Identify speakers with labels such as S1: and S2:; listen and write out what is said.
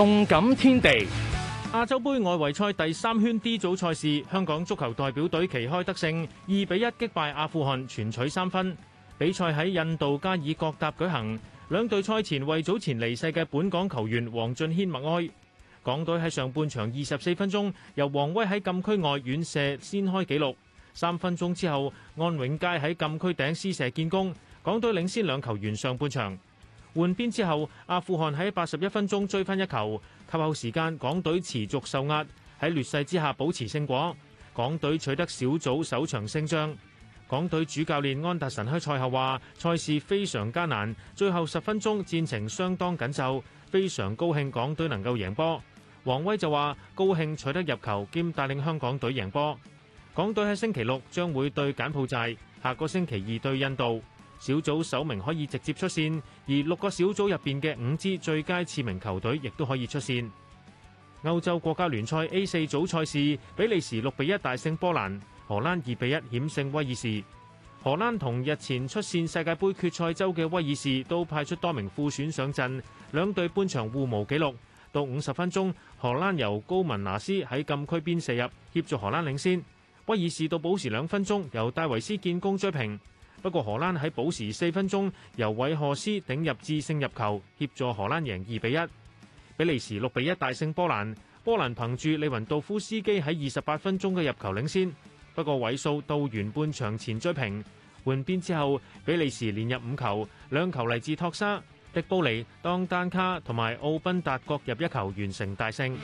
S1: 動感天地，亞洲盃外圍賽第三圈 D 組賽事，香港足球代表隊旗開得勝，二比一擊敗阿富汗，全取三分。比賽喺印度加爾各答舉行，兩隊賽前為早前離世嘅本港球員黃俊軒默哀。港隊喺上半場二十四分鐘，由黃威喺禁區外遠射先開紀錄，三分鐘之後安永佳喺禁區頂施射建功，港隊領先兩球員上半場。換邊之後，阿富汗喺八十一分鐘追翻一球。及後時間，港隊持續受壓，喺劣勢之下保持勝果。港隊取得小組首場勝仗。港隊主教練安達臣喺賽後話：賽事非常艱難，最後十分鐘戰情相當緊湊，非常高興港隊能夠贏波。黃威就話：高興取得入球兼帶領香港隊贏波。港隊喺星期六將會對柬埔寨，下個星期二對印度。小組首名可以直接出線，而六個小組入邊嘅五支最佳次名球隊亦都可以出線。歐洲國家聯賽 A 四組賽事，比利時六比一大勝波蘭，荷蘭二比一險勝威爾士。荷蘭同日前出線世界盃決賽周嘅威爾士都派出多名副選上陣，兩隊半場互無紀錄。到五十分鐘，荷蘭由高文拿斯喺禁區邊射入，協助荷蘭領先。威爾士到補時兩分鐘，由戴維斯建功追平。不過荷蘭喺補時四分鐘由韋赫斯頂入致勝入球，協助荷蘭贏二比一。比利時六比一大勝波蘭，波蘭憑住利雲道夫斯基喺二十八分鐘嘅入球領先，不過位數到完半場前追平。換邊之後，比利時連入五球，兩球嚟自托沙、迪布尼、當丹卡同埋奧賓達各入一球，完成大勝。